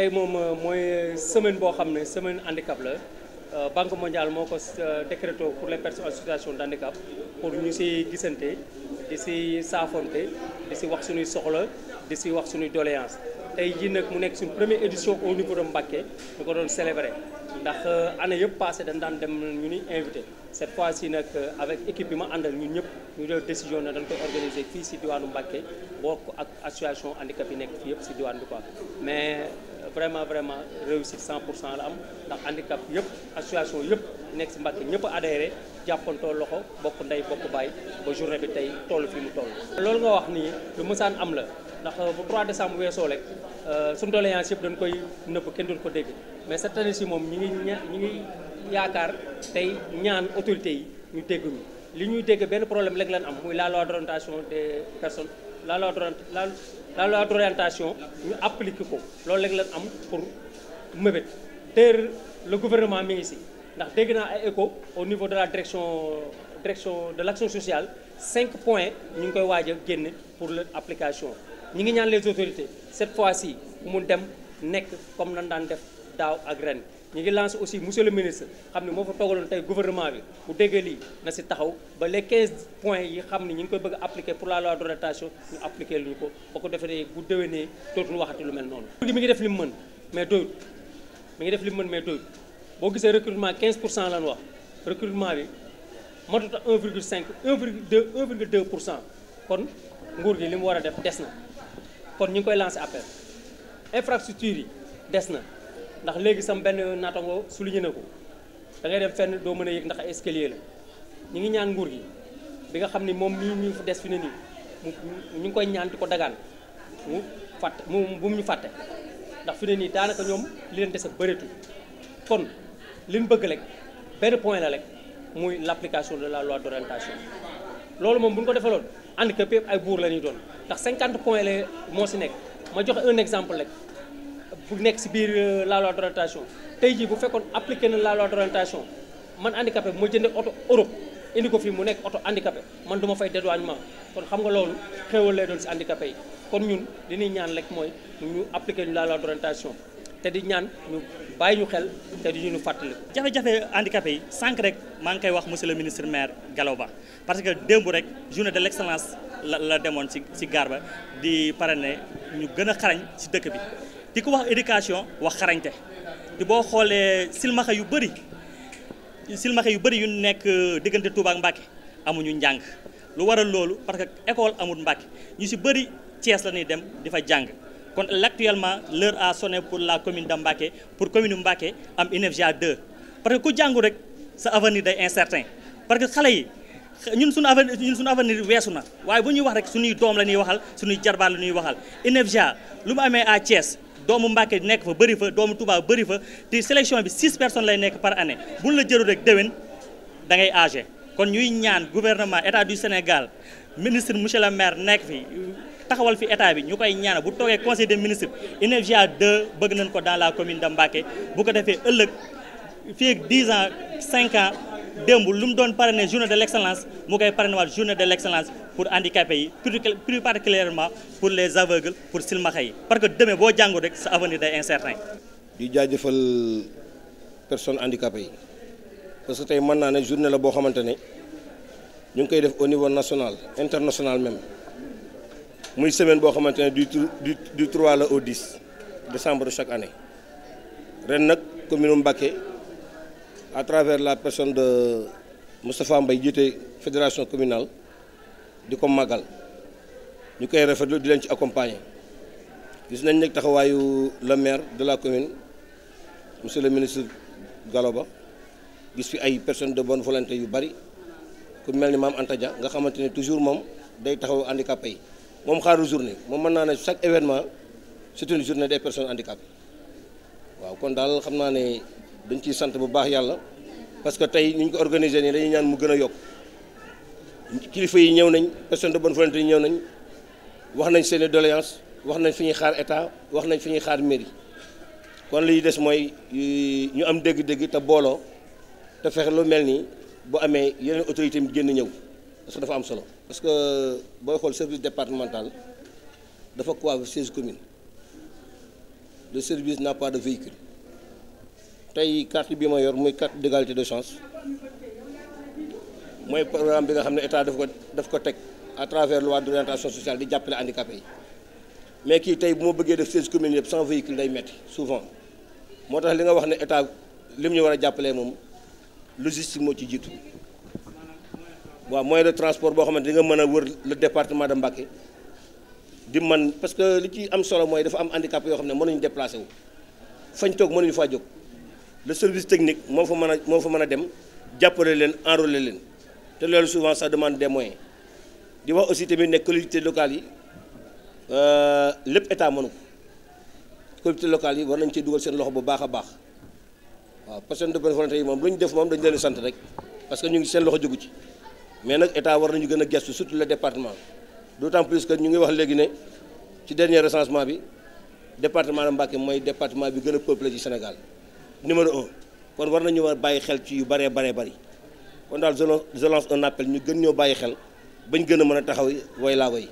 tey moom euh, mooy euh, semaine boo xam ne semaine handicap la euh, banque mondiale moo ko décrété pour le personnes en situation d' handicap pour ñu si gisante di si saafonte di si wax suñuy soxla di si wax suñuy doléance tey jii nag mu nekk suñu première édition au niveau de Mbacké ñu ko doon célébrer ndax euh, année yëpp passé dañ daan dem ñu ni invité cette fois ci nag euh, avec équipe bi ma àndal ñun ñëpp ñu def décision ne dañ koy organiser fii ci diwaanu Mbacké bokk ak association handicap bi nekk fii yëpp ci diwaan bi quoi mais euh, vraiment vraiment réussite cent pour cent la am ndax handicap yëpp association yëpp nekk si Mbacké ñëpp addéré adhéré jàppantoo loxo bokk ndey bokk baay ba journée bi tey toll fi mu toll. loolu ndax euh, bu 3 décembre weesoo rek euh, suñu doléance yëpp dañ koy nëbb kenn duñ ko dégg mais cette année ci moom ñi ngi ña ñi ngi yaakaar tey ñaan autorités yi ñu dégg ñu li ñuy dégg benn problème rek lañ am muy la loi d'orientation des personnes la loi la la loi d'orientation ñu applique ko loolu rek lañ am pour mébét teer le gouvernement mi ngi si ndax dégg naa ay écho au niveau de la direction direction de l'action sociale cinq points ñu ngi koy waaj a génn pour l'application ñi ngi ñaan les autorités cette fois-ci mu dem nekk comme nan daan def daaw ak ren ñu ngi lance aussi monsieur le ministre xam ne moo fa toogaloon tey gouvernement bi bu déggee lii na si taxaw ba les 15 points yi xam ne ñu ngi koy bëgg a appliquer pour la loi d'orientation ñu appliquer lu ñu ko ba ko defee bu déwénee dootul waxati lu mel noonu. mi ngi def li mu mën mais doyut mi ngi def li mu mën mais doyut boo gisee recrutement quinze pour cent lan wax recrutement bi matut a 1,5 1,2 1,2 pour cent kon nguur gi li mu war a def des na. kon ñu ngi koy lancé appel infrastructure yi des na ndax léegi sam benn naatango souligné na ko da ngay dem fenn doo mën a yëg ndax escalier la ñu ngi ñaan nguur gi bi nga xam ni moom mii ñu des fi ne nii mu ñu ngi koy ñaan di ko dagaan mu fàtte mu bu mu ñu fàtte ndax fi ne nii daanaka ñoom li leen dese bëreetu kon li ñu bëgg rek benn point la rek muy l' application de la loi d' orientation loolu moom bu ñu ko defaloon. handicapé yëpp ay buur la ñuy doon ndax cinquante points la moo si nekk ma joxe un exemple rek bu nekk si biir euh, la loi d'orientation tey jii bu fekkoon appliqué na la loi d'orientation man handicapé bu ma jëndee oto Europe indi ko fii mu nekk oto handicapé man du fay dédouanement kon xam nga loolu xéewal lay doon si handicapé yi kon ñun li ñuy ñaan lekk mooy ñu ñu la loi d'orientation te di ñaan ñu bàyyi ñu xel te di ñu fàttali jafe-jafe handicapé yi sànq rek maa ngi koy wax monsieur le ministre maire Gallo Ba parce que démb rek journée de l'excellence la la demoon ci ci gaar ba di ne ñu gën a xarañ ci dëkk bi di ko wax éducation wax xarañte di boo xoolee silmaxa yu bëri silmaxa yu bëri yu nekk diggante Touba ak Mbacké amuñu njàng lu waral loolu parce que école amul Mbacké ñu si bëri Thiès la ñuy dem di fa jàng kon actuellement l'heure a sonné pour la commune de Mbacké pour commune Mbacké am UNFJA 2 parce que ku jàngu rek sa avenir day incertain parce que xale yi ñun suñu avenir ñun suñu avenir weesu na waaye bu ñuy wax rek suñuy doom la ñuy waxal suñuy jarbaar la ñuy waxal UNFJA lu mu amee à Thiès doomu Mbacké nekk fa bëri fa doomu Touba bëri fa te sélection bi six personnes lay nekk par année buñ la jëru rek déwén da ngay âgé kon ñuy ñaan gouvernement état du Sénégal ministre monsieur le maire nekk fi taxawal fi état bi ñu koy ñaana bu toogee conseil de ministres INEFJA 2 bëgg nañ ko dans la commune de Mbacké bu ko defee ëllëg fii ak 10 ans 5 ans démb lu mu doon parrainer journée de l' excellence mu koy parrainer waat journée de l' excellence pour handicapés yi plus particulièrement les aveugles pour silmaxa yi parce que demee boo jàngu rek sa avenir day incertain di jaajëfal personne handicapées yi parce que tey mën naa ne journée la boo xamante ne ñu ngi koy def au niveau national international même muy semaine boo xamante ne du du du 3 la au 10 décembre de chaque année ren nag commune Mbacké à travers la personne de Moustapha mbay jiite fédération communal di ko màggal ñu koy rafetlu di leen ci accompagner gis nañ nag taxawaayu le maire de la commune monsieur le ministre Gallo Ba gis fi ay personnes de bonne volonté yu bari ku mel ni maam Anta Dia nga xamante ne toujours moom day taxaw handicapé yi. moom xaaru journée moom mën naa ne chaque événement c'est une journée des personnes handicapées waaw kon daal xam naa ne dañ ciy sant bu baax yàlla parce que tey ñu ko organisé nii dañuy ñaan mu gën a yokk kilifa yi ñëw nañ personne de bonne volonté yi ñëw nañ wax nañ seen i doléance wax nañ fi ñuy xaar état wax nañ fi ñuy xaar mairie kon li des mooy ñu am dégg-dégg te booloo te fexe lu mel nii bu amee yeneen autorité mu génn ñëw parce que dafa am solo. parce que booy xool service départemental dafa couvrir seize communes le service n'a pas de véhicule tey carte bi ma yor muy carte d'égalité de chance mooy programme bi nga xam ne état daf ko daf ko teg à travers loi d'orientation sociale di jàppale handicapé yi mais ki tey bu ma bëggee def seize communes yëpp sans véhicule day metti souvent moo tax li nga wax ne état lim ñu war a jàppalee moom logistique moo ci jiitu waaw moyen de transport boo xamante di nga mën a wër le département de Mbacké di man parce que li ci am solo mooy dafa am handicap yoo xam ne mënuñu déplacé wu fañ toog mënuñu faa jóg le service technique moo fa mën a moo fa mën a dem jàppale leen enrôler leen te loolu souvent ça demande des moyens di wax aussi tamit ne collectivités locales yi euh, lépp état mënu ko collectivités local yi war nañ ci dugal seen loxo bu baax a baax waaw personne de bonne volonté yi moom lu ñu def moom dañu leen sant rek que ñu ngi seen loxo jógu ci mais nag état war nañu gën a gestu surtout le département d'autant plus que ñu ngi wax léegi ne ci dernier recensement bi département de Mbacké mooy département bi gën a peuplé ci Sénégal numéro un kon war nañu war bàyyi xel ci yu bëree baree bari kon daal je lance un appel ñu gën ñoo bàyyi xel bañ gën a mën a taxaw way laago yi